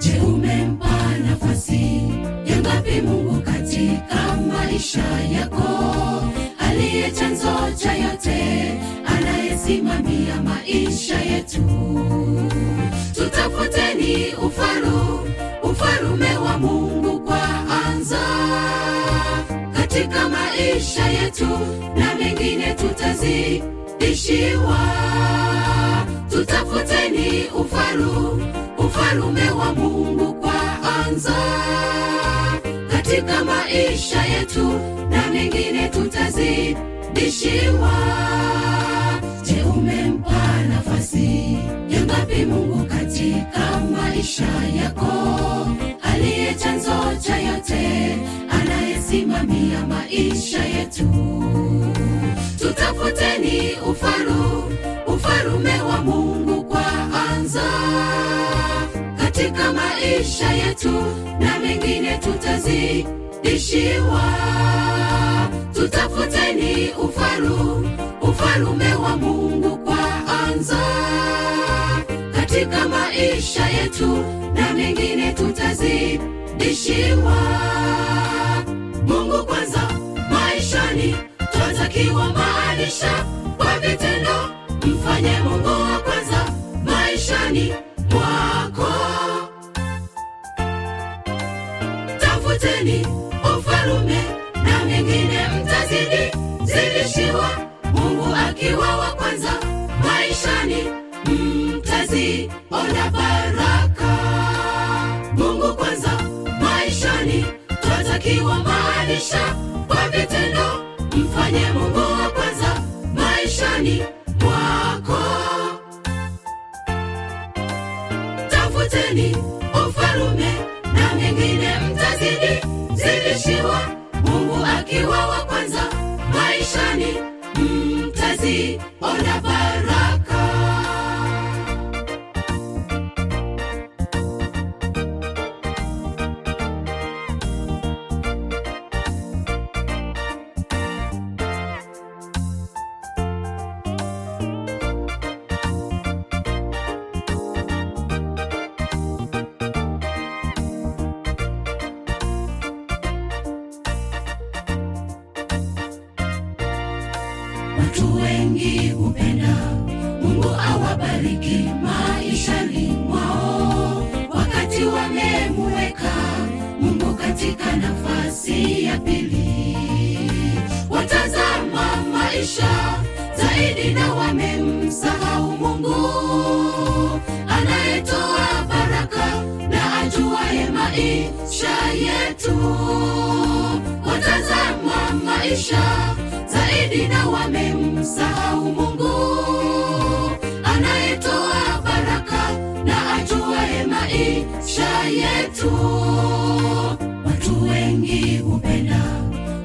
Je, umempa nafasi ya ngapi Mungu katika maisha yako? Aliye chanzo cha yote, anayesimamia maisha yetu. Tutafuteni ufalme ufalme wa Mungu anza katika maisha yetu, na mengine tutazidishiwa. Tutafuteni ufalu ufalume wa Mungu anza katika maisha yetu, na mengine tutazidishiwa. Je, umempa nafasi ngapi Mungu maisha yako, aliye chanzo cha yote, anayesimamia maisha yetu. Tutafuteni ufalu ufalume wa Mungu kwanza katika maisha yetu, na mengine tutazidishiwa. Tutafuteni ufalu ufalume wa Mungu yetu na mengine tutazidishiwa. Mungu kwanza maishani, twatakiwa maanisha kwa vitendo. Mfanye Mungu wa kwanza maishani mwako. Tafuteni ufalume na mengine mtazidi zidishiwa. Mungu akiwa wa kwanza maishani ona bara Misha. watu wengi hupenda. Mungu awabariki maishani mwao, wakati wamemuweka Mungu katika nafasi ya pili, watazama maisha zaidi na wamemsahau Mungu anayetoa baraka na ajuaye maisha yetu. Watazama maisha zaidi na wamem kumsahau Mungu anayetoa baraka na ajuaye maisha yetu. Watu wengi hupenda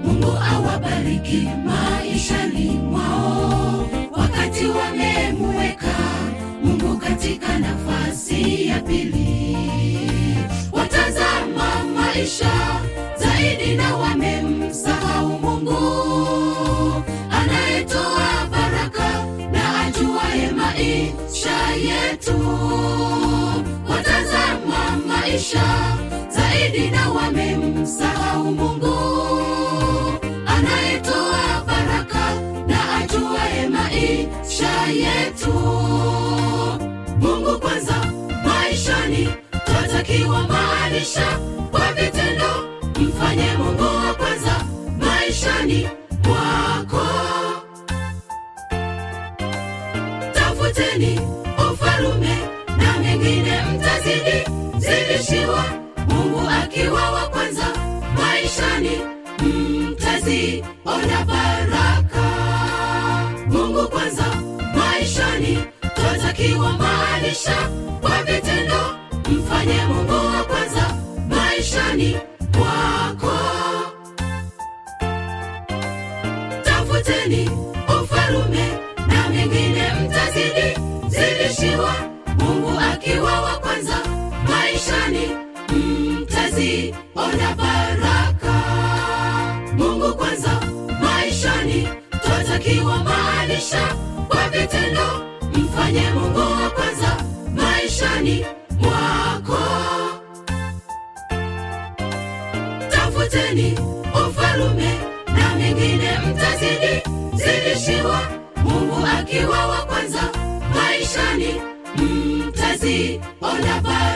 Mungu awabariki maishani mwao wakati wamemuweka Mungu katika nafasi ya pili, watazama maisha maisha yetu, watazama maisha zaidi na wamemsahau Mungu anayetoa baraka na ajuaye maisha yetu. Mungu kwanza maishani, twatakiwa maanisha uteni ufalume na mengine mtazidi zidishiwa, Mungu akiwa wa kwanza maishani mtaziona baraka. Mungu kwanza maishani, twatakiwa maanisha kwa vitendo, mfanye Mungu wa kwanza maishani Mungu akiwa wa kwanza maishani, ona baraka. Mungu kwanza maishani, twatakiwa maanisha kwa vitendo. Mfanye Mungu wa kwanza maishani mwako. Tafuteni ufalume na mengine mtazidi zidishiwa. Mungu akiwa wa kwanza maishani sí, hola, paz.